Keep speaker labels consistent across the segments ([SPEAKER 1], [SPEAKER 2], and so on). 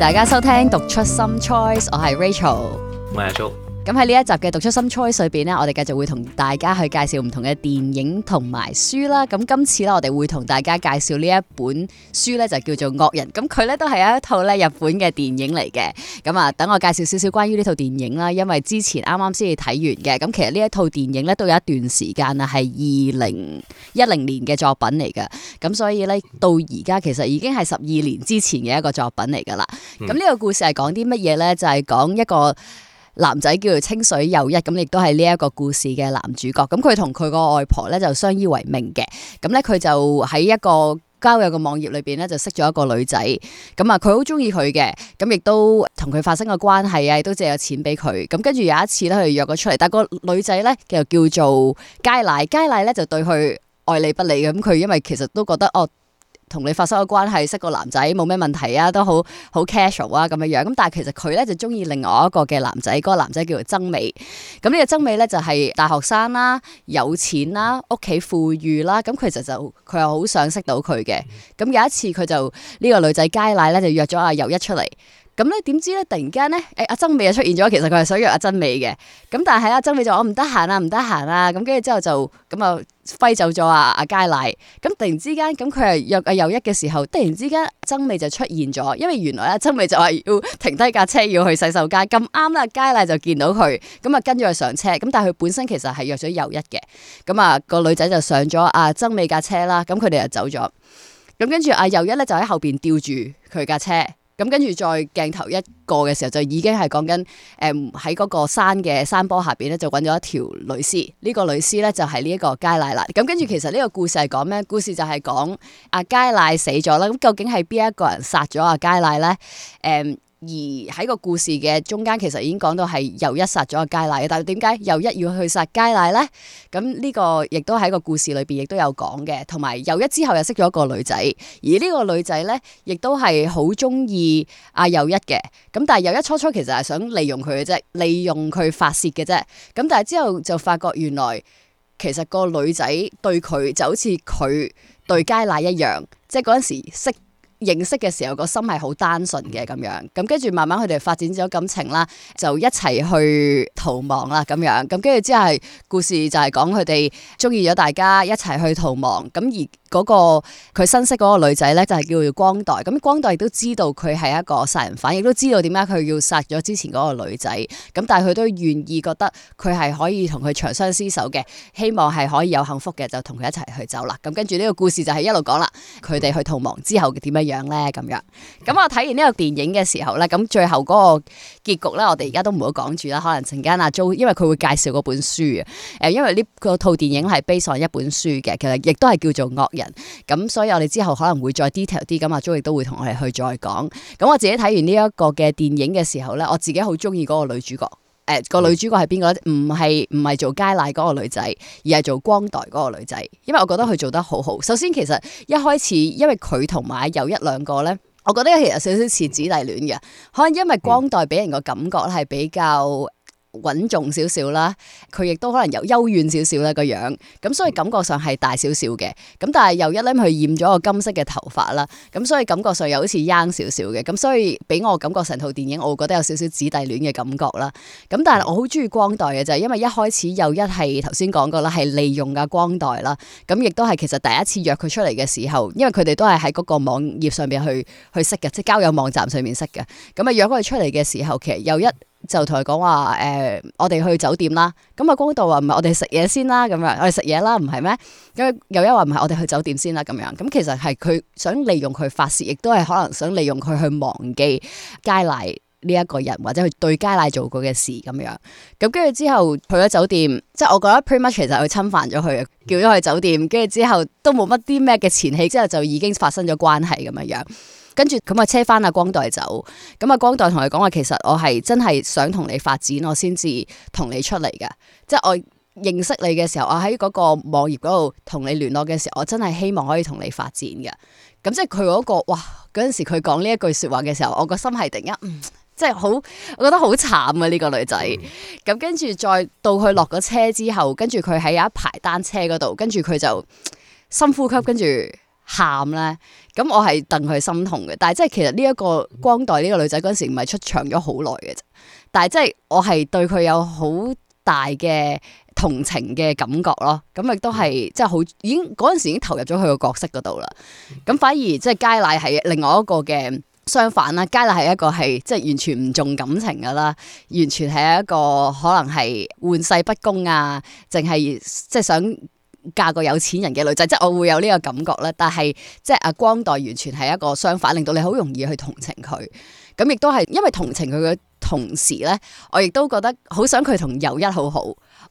[SPEAKER 1] 歡迎大家收聽讀出心 choice，我係 Rachel，我係阿 Joe。咁喺呢一集嘅讀 Some Choice 裏邊咧，我哋繼續會同大家去介紹唔同嘅電影同埋書啦。咁今次咧，我哋會同大家介紹呢一本書咧，就叫做《惡人》。咁佢咧都係有一套咧日本嘅電影嚟嘅。咁啊，等我介紹少少關於呢套電影啦。因為之前啱啱先至睇完嘅。咁其實呢一套電影咧都有一段時間啊，係二零一零年嘅作品嚟嘅。咁所以咧，到而家其實已經係十二年之前嘅一個作品嚟噶啦。咁呢、嗯、個故事係講啲乜嘢咧？就係、是、講一個。男仔叫做清水祐一，咁亦都係呢一個故事嘅男主角。咁佢同佢個外婆咧就相依為命嘅。咁咧佢就喺一個交友嘅網頁裏邊咧就識咗一個女仔。咁啊，佢好中意佢嘅，咁亦都同佢發生咗關係啊，亦都借咗錢俾佢。咁跟住有一次咧，佢約咗出嚟，但個女仔咧就叫做佳乃，佳乃咧就對佢愛理不理嘅。咁佢因為其實都覺得哦。同你發生咗關係，識個男仔冇咩問題啊，都好好 casual 啊，咁樣樣。咁但係其實佢咧就中意另外一個嘅男仔，嗰個男仔叫做曾美。咁呢個曾美咧就係大學生啦，有錢啦，屋企富裕啦。咁其實就佢又好想識到佢嘅。咁有一次佢就呢個女仔佳乃咧就約咗阿佑一出嚟。咁咧，點知咧？突然間咧，誒、哎、阿曾美啊出現咗，其實佢係想約阿曾美嘅。咁但係阿曾美就我唔得閒啊，唔得閒啊。咁跟住之後就咁啊揮走咗阿阿佳麗。咁突然之間，咁佢係約阿遊一嘅時候，突然之間曾美就出現咗，因為原來阿曾美就話要停低架車要去洗手間，咁啱啦，阿佳麗就見到佢，咁啊跟住佢上車。咁但係佢本身其實係約咗遊一嘅。咁、那、啊個女仔就上咗阿曾美架車啦。咁佢哋就走咗。咁跟住阿遊一咧就喺後邊吊住佢架車。咁跟住再鏡頭一個嘅時候，就已經係講緊誒喺嗰個山嘅山坡下邊咧、這個，就搵咗一條女屍。呢個女屍咧就係呢一個佳乃啦。咁跟住其實呢個故事係講咩？故事就係講阿佳乃死咗啦。咁、嗯、究竟係邊一個人殺咗阿佳乃咧？誒、嗯。而喺個故事嘅中間，其實已經講到係又一殺咗阿佳麗，但係點解又一要去殺佳麗呢？咁呢個亦都喺個故事裏邊亦都有講嘅，同埋又一之後又識咗一個女仔，而呢個女仔呢，亦都係好中意阿又一嘅。咁但係又一初初其實係想利用佢嘅啫，利用佢發泄嘅啫。咁但係之後就發覺原來其實個女仔對佢就好似佢對佳麗一樣，即係嗰陣時識。認識嘅時候個心係好單純嘅咁樣，咁跟住慢慢佢哋發展咗感情啦，就一齊去逃亡啦咁樣，咁跟住之後故事就係講佢哋中意咗大家一齊去逃亡，咁而嗰個佢新識嗰個女仔呢，就係叫做光代，咁光代亦都知道佢係一個殺人犯，亦都知道點解佢要殺咗之前嗰個女仔，咁但係佢都願意覺得佢係可以同佢長相廝守嘅，希望係可以有幸福嘅就同佢一齊去走啦，咁跟住呢個故事就係一路講啦，佢哋去逃亡之後點樣？樣咧咁樣，咁我睇完呢個電影嘅時候咧，咁最後嗰個結局咧，我哋而家都唔好講住啦。可能陣間阿 Jo，因為佢會介紹嗰本書嘅，誒、呃，因為呢個套電影係 base 上一本書嘅，其實亦都係叫做惡人，咁所以我哋之後可能會再 detail 啲，咁阿 Jo 亦都會同我哋去再講。咁我自己睇完呢一個嘅電影嘅時候咧，我自己好中意嗰個女主角。誒、呃嗰個女主角係邊個咧？唔係唔係做佳乃嗰個女仔，而係做光代嗰個女仔，因為我覺得佢做得好好。首先其實一開始，因為佢同埋有一兩個咧，我覺得其實有少少似姊弟戀嘅，可能因為光代俾人個感覺咧係比較穩重少少啦，佢亦都可能有幽怨少少啦個樣，咁所以感覺上係大少少嘅，咁但係又一咧佢染咗個金色嘅頭髮啦，咁所以感覺上又好似 young 少少嘅，咁所以俾我感覺成套電影，我覺得有少少姊弟戀嘅感覺啦，咁但係我好中意光代嘅就係因為一開始又一係頭先講過啦，係利用啊光代啦，咁亦都係其實第一次約佢出嚟嘅時候，因為佢哋都係喺嗰個網頁上邊去去識嘅，即係交友網站上面識嘅，咁啊約佢出嚟嘅時候，其實又一。就同佢講話誒，我哋去酒店啦。咁、嗯、啊，光道話唔係我哋食嘢先啦，咁樣我哋食嘢啦，唔係咩？咁又因為唔係我哋去酒店先啦，咁樣。咁其實係佢想利用佢發泄，亦都係可能想利用佢去忘記佳麗呢一個人，或者去對佳麗做過嘅事咁樣。咁跟住之後去咗酒店，即係我覺得 pretty much 其實佢侵犯咗佢，叫咗佢去酒店，跟住之後都冇乜啲咩嘅前戲，之後就已經發生咗關係咁樣。跟住咁啊，車返阿光代走。咁啊，光代同佢講話，其實我係真係想同你發展，我先至同你出嚟嘅。即係我認識你嘅時候，我喺嗰個網頁嗰度同你聯絡嘅時候，我真係希望可以同你發展嘅。咁即係佢嗰個哇，嗰陣時佢講呢一句説話嘅時候，我個心係突然間，嗯，即係好，我覺得好慘啊！呢個女仔。咁跟住再到佢落咗車之後，跟住佢喺有一排單車嗰度，跟住佢就深呼吸，跟住。喊咧，咁我係戥佢心痛嘅。但係即係其實呢一個光代呢個女仔嗰陣時唔係出場咗好耐嘅啫。但係即係我係對佢有好大嘅同情嘅感覺咯。咁亦都係即係好已經嗰陣時已經投入咗佢個角色嗰度啦。咁反而即係佳乃係另外一個嘅相反啦。佳乃係一個係即係完全唔重感情㗎啦，完全係一個可能係玩世不恭啊，淨係即係想嫁個有錢人嘅女仔，即係我會有呢個感覺啦。但係即係阿光代完全係一個相反，令到你好容易去同情佢。咁亦都係因為同情佢嘅同時咧，我亦都覺得好想佢同祐一好好。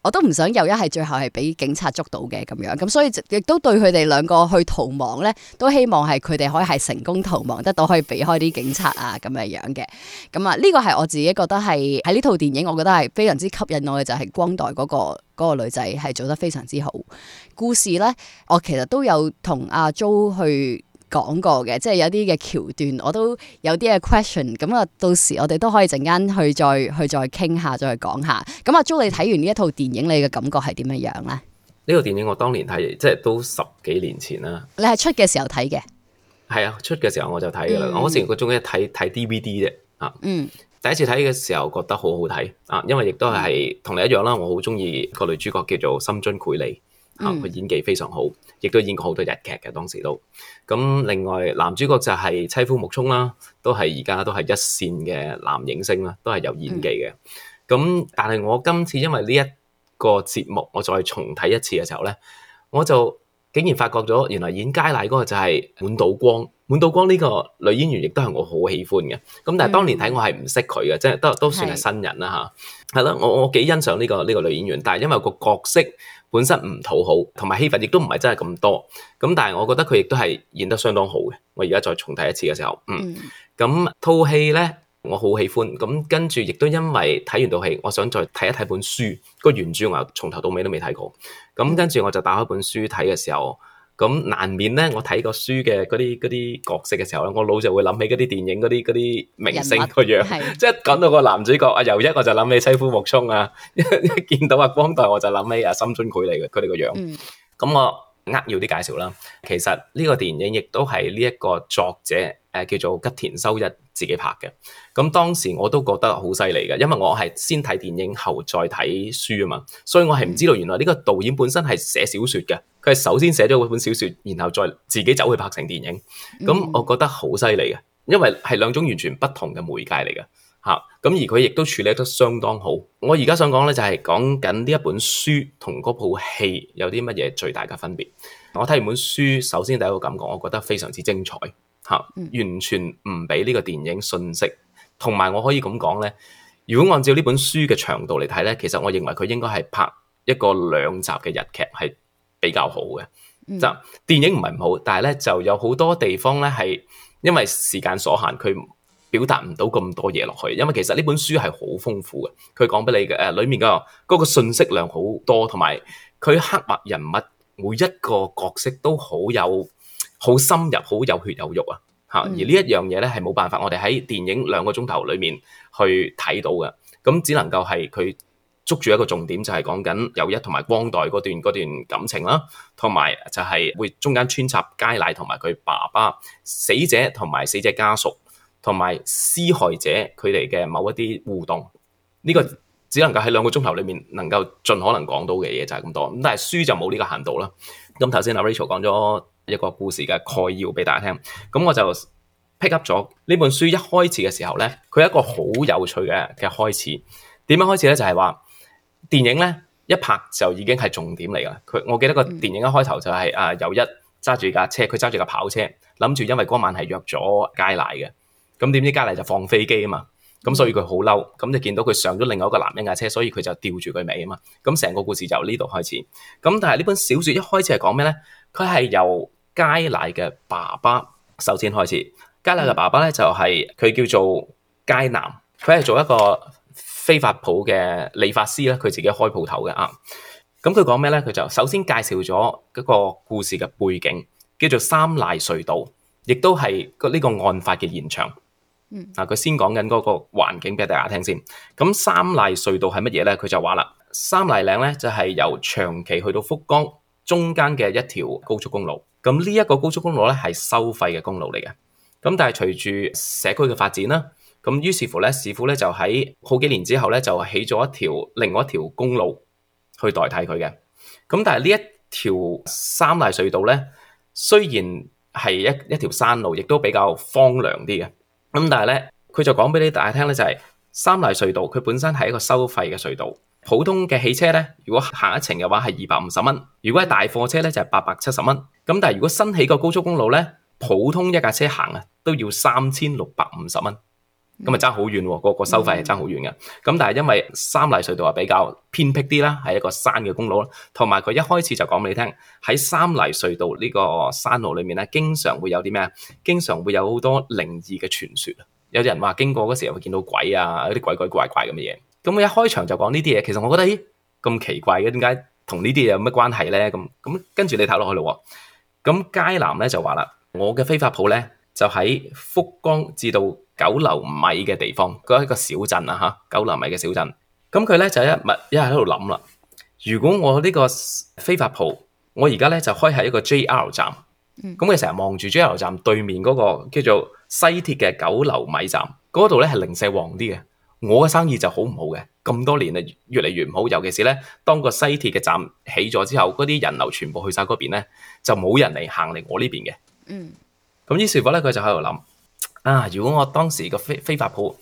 [SPEAKER 1] 我都唔想又一係最後係俾警察捉到嘅咁樣，咁所以亦都對佢哋兩個去逃亡呢，都希望係佢哋可以係成功逃亡得到，可以避開啲警察啊，咁樣樣嘅。咁啊，呢個係我自己覺得係喺呢套電影，我覺得係非常之吸引我嘅就係、是、光代嗰、那個嗰、那個女仔係做得非常之好。故事呢，我其實都有同阿、啊、Joe 去，講過嘅，即係有啲嘅橋段，我都有啲嘅 question，咁啊，到時我哋都可以陣間去再去再傾下，再講下。咁啊，Joe，你睇完呢一套電影，你嘅感覺係點樣樣咧？
[SPEAKER 2] 呢套電影我當年睇，即係都十幾年前啦。
[SPEAKER 1] 你係出嘅時候睇嘅？
[SPEAKER 2] 係啊，出嘅時候我就睇噶啦。嗯、我嗰時個中意睇睇 DVD 啫啊。嗯。第一次睇嘅時候覺得好好睇啊，因為亦都係同你一樣啦，我好中意個女主角叫做深津繪里。佢、啊、演技非常好，亦都演過好多日劇嘅當時都。咁另外男主角就係妻夫木聰啦，都係而家都係一線嘅男影星啦，都係有演技嘅。咁、嗯、但係我今次因為呢一個節目，我再重睇一次嘅時候咧，我就。竟然發覺咗，原來演佳乃嗰個就係滿島光。滿島光呢個女演員亦都係我好喜歡嘅。咁但係當年睇我係唔識佢嘅，即係、嗯、都都算係新人啦吓，係咯是，我我幾欣賞呢個呢個女演員，但係因為個角色本身唔討好，同埋戲份亦都唔係真係咁多。咁但係我覺得佢亦都係演得相當好嘅。我而家再重睇一次嘅時候，嗯，咁套戲咧我好喜歡。咁跟住亦都因為睇完套戲，我想再睇一睇本書。個原著我從頭到尾都未睇過。咁跟住我就打開本書睇嘅時候，咁難免咧，我睇個書嘅嗰啲啲角色嘅時候咧，我腦就會諗起嗰啲電影嗰啲啲明星個樣。即係講到個男主角、哎、啊，祐 一我就諗起妻夫木聰啊，一見到阿光代我就諗起啊深津繪里嘅佢哋個樣。咁、嗯嗯、我扼要啲介紹啦，其實呢個電影亦都係呢一個作者誒叫做吉田修一，自己拍嘅，咁當時我都覺得好犀利嘅，因為我係先睇電影後再睇書啊嘛，所以我係唔知道原來呢個導演本身係寫小說嘅，佢係首先寫咗嗰本小說，然後再自己走去拍成電影，咁我覺得好犀利嘅，因為係兩種完全不同嘅媒介嚟嘅，吓、啊，咁而佢亦都處理得相當好。我而家想講咧就係講緊呢一本書同嗰部戲有啲乜嘢最大嘅分別。我睇完本書，首先第一個感覺，我覺得非常之精彩。完全唔俾呢個電影信息。同埋我可以咁講咧，如果按照呢本書嘅長度嚟睇咧，其實我認為佢應該係拍一個兩集嘅日劇係比較好嘅。嗯、就係、電影唔係唔好，但係咧就有好多地方咧係因為時間所限，佢表達唔到咁多嘢落去。因為其實呢本書係好豐富嘅，佢講俾你嘅誒、呃，裡面嘅嗰個信息量好多，同埋佢刻畫人物每一個角色都好有。好深入、好有血有肉啊！嚇、嗯，而呢一樣嘢咧係冇辦法，我哋喺電影兩個鐘頭裏面去睇到嘅，咁只能夠係佢捉住一個重點，就係講緊友一同埋光代嗰段嗰段感情啦，同埋就係會中間穿插佳乃同埋佢爸爸、死者同埋死者家屬同埋施害者佢哋嘅某一啲互動。呢、這個只能夠喺兩個鐘頭裏面能夠盡可能講到嘅嘢就係、是、咁多，但係書就冇呢個限度啦。咁頭先阿 Rachel 講咗。一個故事嘅概要俾大家聽，咁我就 pick up 咗呢本書一開始嘅時候咧，佢係一個好有趣嘅嘅開始。點樣開始咧？就係話電影咧一拍就已經係重點嚟噶。佢我記得個電影一開頭就係啊由一揸住架車，佢揸住架跑車，諗住因為嗰晚係約咗佳乃嘅。咁點知佳乃就放飛機啊嘛。咁所以佢好嬲，咁就見到佢上咗另外一個男人架車，所以佢就吊住佢尾啊嘛。咁成個故事由呢度開始。咁但係呢本小說一開始係講咩咧？佢係由佳乃嘅爸爸首先開始，佳乃嘅爸爸咧就係、是、佢叫做佳男，佢係做一個飛髮舖嘅理髮師咧，佢自己開鋪頭嘅啊。咁佢講咩咧？佢、嗯嗯、就首先介紹咗一個故事嘅背景，叫做三瀨隧道，亦都係個呢個案發嘅現場。嗯、啊，佢先講緊嗰個環境俾大家聽先。咁、嗯嗯、三瀨隧道係乜嘢咧？佢就話啦，三瀨嶺咧就係、是、由長期去到福岡。中間嘅一條高速公路，咁呢一個高速公路咧係收費嘅公路嚟嘅，咁但係隨住社區嘅發展啦，咁於是乎咧市府咧就喺好幾年之後咧就起咗一條另外一條公路去代替佢嘅，咁但係呢一條三大隧道咧，雖然係一一條山路，亦都比較荒涼啲嘅，咁但係咧佢就講俾你大家聽咧就係、是、三大隧道，佢本身係一個收費嘅隧道。普通嘅汽車咧，如果行一程嘅話係二百五十蚊；如果係大貨車咧，就係八百七十蚊。咁但係如果新起個高速公路咧，普通一架車行啊都要三千六百五十蚊，
[SPEAKER 1] 咁咪爭
[SPEAKER 2] 好遠喎、啊！個個收費係爭好遠嘅。咁、嗯、但係因為三嚟隧道啊比較偏僻啲啦，係一個山嘅公路啦，同埋佢一開始就講俾你聽，喺三嚟隧道呢個山路裡面咧，經常會有啲咩啊？經常會有好多靈異嘅傳說，有啲人話經過嗰時候會見到鬼啊，有啲鬼鬼怪怪咁嘅嘢。咁我一開場就講呢啲嘢，其實我覺得咦咁奇怪嘅，點解同呢啲嘢有乜關係咧？咁咁跟住你睇落去咯。咁佳男咧就話啦，我嘅飛髮舖咧就喺福岡至到久留米嘅地方，佢喺一個小鎮啊吓，久留米嘅小鎮。咁佢咧就一物一日喺度諗啦。如果我呢個飛髮舖，我而家咧就開喺一個 JR 站，咁佢成日望住 JR 站對面嗰個叫做西鐵嘅久留米站，嗰度咧係零舍旺啲嘅。我嘅生意就好唔好嘅，咁多年咧越嚟越唔好。尤其是咧，當個西鐵嘅站起咗之後，嗰啲人流全部去晒嗰邊咧，就冇人嚟行嚟我呢邊嘅。咁、嗯、於是乎咧，佢就喺度諗，如果我當時個飛飛髮鋪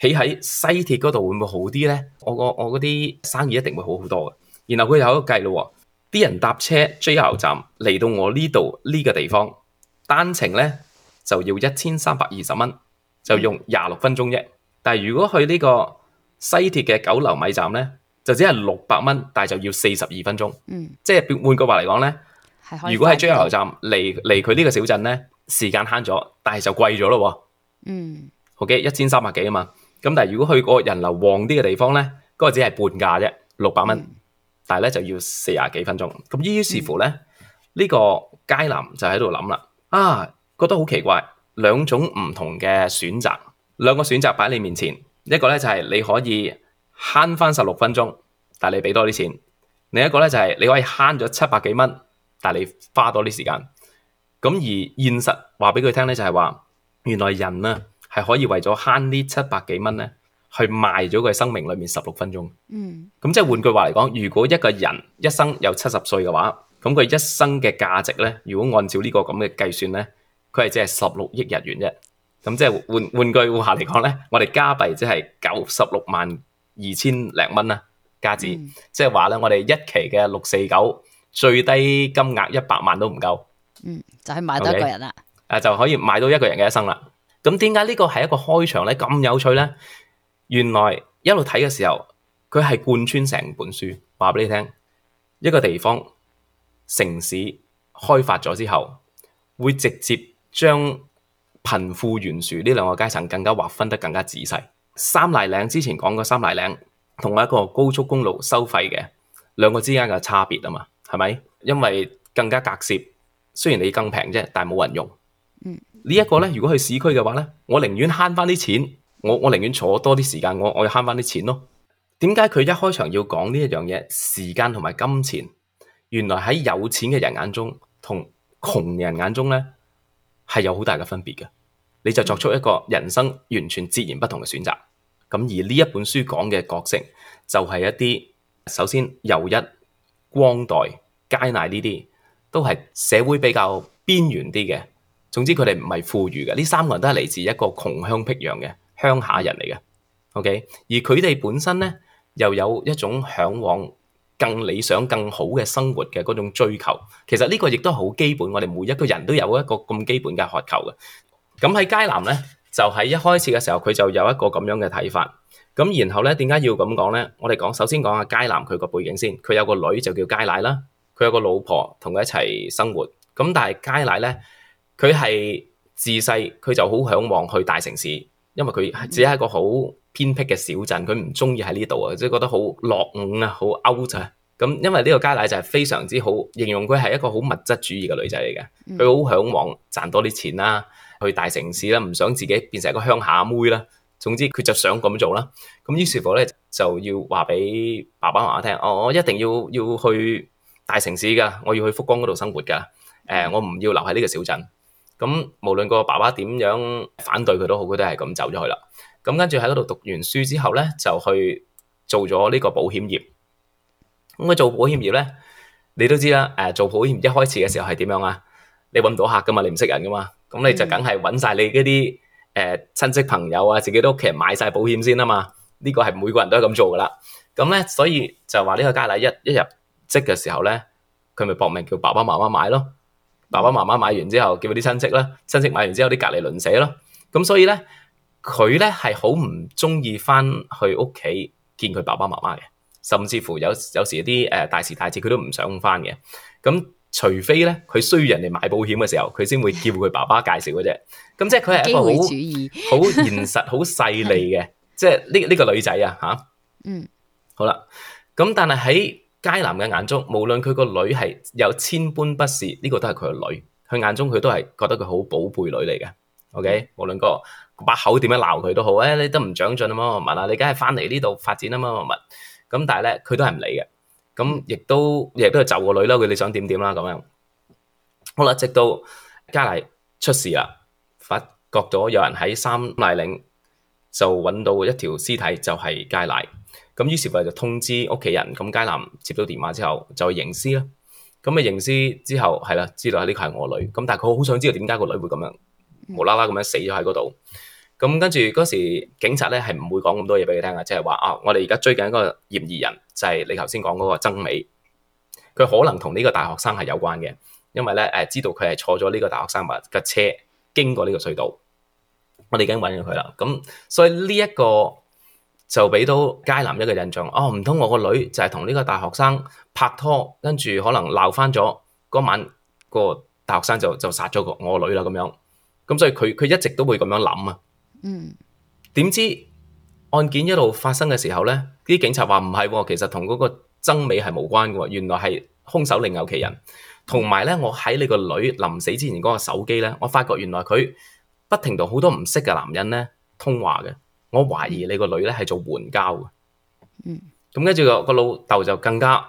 [SPEAKER 2] 起喺西鐵嗰度，會唔會好啲呢？我個我嗰啲生意一定會好好多。然後佢有一個計咯，啲人搭車 JR 站嚟到我呢度呢個地方單程咧就要一千三百二十蚊，就用廿六分鐘啫。但係如果去呢個西鐵嘅久留米站咧，就只係六百蚊，但係就要四十二分鐘。嗯，即係變換句話嚟講咧，
[SPEAKER 1] 如果喺最後
[SPEAKER 2] 站離離佢呢個小鎮咧，時間慳咗，但係就貴咗咯喎。
[SPEAKER 1] 嗯
[SPEAKER 2] ，OK，一千三百幾啊嘛。咁但係如果去個人流旺啲嘅地方咧，嗰、嗰個只係半價啫，六百蚊，嗯、但係咧就要四廿幾分鐘。咁於是乎咧，呢、嗯、個佳男就喺度諗啦，啊，覺得好奇怪，兩種唔同嘅選擇。兩個選擇擺你面前，一個咧就係你可以慳翻十六分鐘，但你俾多啲錢；另一個咧就係你可以慳咗七百幾蚊，但你花多啲時間。咁而現實話俾佢聽咧，就係話原來人啊係可以為咗慳呢七百幾蚊咧，去賣咗佢生命裏面十六分鐘。嗯，咁即係換句話嚟講，如果一個人一生有七十歲嘅話，咁佢一生嘅價值咧，如果按照呢個咁嘅計算咧，佢係只係十六億日元啫。咁即係換換句話嚟講咧，我哋加幣即係九十六萬二千零蚊啊，加紙。嗯、即係話咧，我哋一期嘅六四九最低金額一百萬都唔夠。
[SPEAKER 1] 嗯，就是 okay? 就可以買到一個人
[SPEAKER 2] 啦。誒，就可以買到一個人嘅一生啦。咁點解呢個係一個開場咧？咁有趣咧？原來一路睇嘅時候，佢係貫穿成本書，話俾你聽。一個地方城市開發咗之後，會直接將。貧富懸殊呢兩個階層更加劃分得更加仔細。三奶嶺之前講過三奶嶺同埋一個高速公路收費嘅兩個之間嘅差別啊嘛，係咪？因為更加隔涉，雖然你更平啫，但係冇人用。嗯，呢一個呢，如果去市區嘅話呢，我寧願慳返啲錢，我我寧願坐多啲時間，我我要慳返啲錢咯。點解佢一開場要講呢一樣嘢？時間同埋金錢，原來喺有錢嘅人眼中同窮人眼中呢。係有好大嘅分別嘅，你就作出一個人生完全截然不同嘅選擇。咁而呢一本書講嘅角色就係一啲，首先祐一、光代、佳乃呢啲都係社會比較邊緣啲嘅。總之佢哋唔係富裕嘅。呢三個人都係嚟自一個窮鄉僻壤嘅鄉下人嚟嘅。OK，而佢哋本身咧又有一種嚮往。更理想、更好嘅生活嘅嗰種追求，其實呢個亦都好基本，我哋每一個人都有一個咁基本嘅渴求嘅。咁喺佳男咧，就喺一開始嘅時候，佢就有一個咁樣嘅睇法。咁然後咧，點解要咁講咧？我哋講首先講下佳男佢個背景先。佢有個女就叫佳乃啦，佢有個老婆同佢一齊生活。咁但係佳乃咧，佢係自細佢就好向往去大城市，因為佢係只係一個好。偏僻嘅小鎮，佢唔中意喺呢度啊，即係覺得好落伍啊，好 out 咋咁。因為呢個佳乃就係非常之好，形容佢係一個好物質主義嘅女仔嚟嘅，佢好向往賺多啲錢啦，去大城市啦，唔想自己變成一個鄉下妹啦。總之佢就想咁做啦。咁於是乎咧就要話俾爸爸媽媽聽，哦，我一定要要去大城市㗎，我要去福岡嗰度生活㗎。誒，我唔要留喺呢個小鎮。咁無論個爸爸點樣反對佢都好，佢都係咁走咗去啦。咁跟住喺嗰度讀完書之後咧，就去做咗呢個保險業。咁我做保險業咧，你都知啦。誒，做保險一開始嘅時候係點樣啊？你搵唔到客噶嘛？你唔識人噶嘛？咁你就梗係搵晒你嗰啲誒親戚朋友啊，自己都屋企人買晒保險先吖嘛。呢個係每個人都係咁做噶啦。咁咧，所以就話呢個佳麗一一入職嘅時候咧，佢咪搏命叫爸爸媽媽買咯。爸爸媽媽買完之後，叫啲親戚啦，親戚買完之後，啲隔籬鄰舍咯。咁所以咧。佢咧係好唔中意翻去屋企見佢爸爸媽媽嘅，甚至乎有有時啲誒大時大節佢都唔想翻嘅。咁除非咧，佢需要人哋買保險嘅時候，佢先會叫佢爸爸介紹嘅啫。咁 即係佢係一個好好 現實、好細膩嘅， 即係呢呢個女仔啊吓，嗯，好啦。咁但係喺佳男嘅眼中，無論佢個女係有千般不是，呢、這個都係佢個女。佢眼中佢都係覺得佢好寶貝女嚟嘅。OK，無論個。把口點樣鬧佢都好，誒、哎、你都唔長進啊嘛！我問下你，梗係翻嚟呢度發展啊嘛！物物咁，但係咧佢都係唔理嘅，咁亦都亦都係就個女啦。佢你想點點啦咁樣。好啦，直到佳乃出事啦，發覺咗有人喺三瀨嶺就揾到一條屍體，就係佳乃。咁於是咪就通知屋企人，咁佳男接到電話之後就去認屍啦。咁啊認屍之後係啦，知道係呢個係我女。咁但係佢好想知道點解個女會咁樣無啦啦咁樣死咗喺嗰度。咁跟住嗰時，警察咧係唔會講咁多嘢俾佢聽嘅，即係話啊，我哋而家追緊一個嫌疑人，就係、是、你頭先講嗰個曾美，佢可能同呢個大學生係有關嘅，因為咧誒、啊、知道佢係坐咗呢個大學生物嘅車經過呢個隧道，我哋已經揾咗佢啦。咁所以呢一個就俾到佳男一個印象，哦，唔通我個女就係同呢個大學生拍拖，跟住可能鬧翻咗，嗰晚個大學生就就殺咗個我個女啦咁樣。咁所以佢佢一直都會咁樣諗啊。
[SPEAKER 1] 嗯，
[SPEAKER 2] 點知案件一路發生嘅時候咧，啲警察話唔係喎，其實同嗰個曾美係無關嘅，原來係兇手另有其人。
[SPEAKER 1] 同埋
[SPEAKER 2] 咧，我喺你個女臨死之前嗰個手機咧，我發覺原來佢不停同好多唔識嘅男人咧通話嘅。我懷疑你個女咧係做援交嘅。嗯，咁跟住個老豆就更加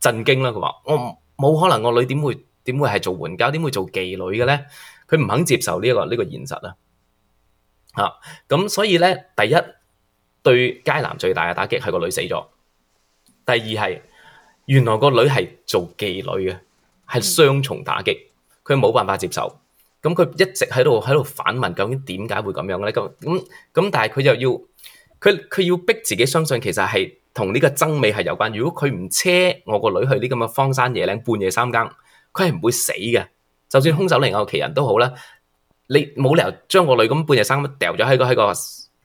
[SPEAKER 2] 震驚啦。佢話我冇可能，我女點會點會係做援交，點會做妓女嘅咧？佢唔肯接受呢一個呢個現實啊！啊，咁所以咧，第一對佳男最大嘅打擊係個女死咗；第二係原來個女係做妓女嘅，係雙重打擊，佢冇、嗯、辦法接受。咁佢一直喺度喺度反問，究竟點解會咁樣咧？咁咁咁，但係佢又要佢佢要逼自己相信，其實係同呢個增尾係有關。如果佢唔車我個女去呢咁嘅荒山野嶺，半夜三更，佢係唔會死嘅。就算兇手另有其人都好啦。嗯嗯你冇理由將個女咁半日生咁掉咗喺個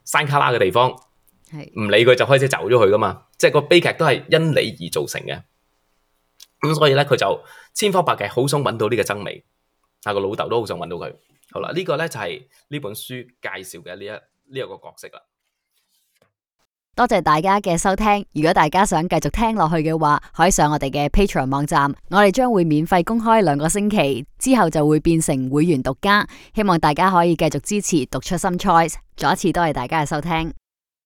[SPEAKER 2] 山卡拉嘅地方，唔理佢就開車走咗去㗎嘛？即係個悲劇都係因你而造成嘅。咁、嗯、所以咧，佢就千方百計好想揾到呢個曾美，但個老豆都好想揾到佢。好啦，這個、呢個咧就係、是、呢本書介紹嘅呢一呢、這個角色啦。
[SPEAKER 1] 多謝大家嘅收聽，如果大家想繼續聽落去嘅話，可以上我哋嘅 Patreon 網站，我哋將會免費公開兩個星期，之後就會變成會員獨家。希望大家可以繼續支持讀出 Some Choice，再一次多謝大家嘅收聽。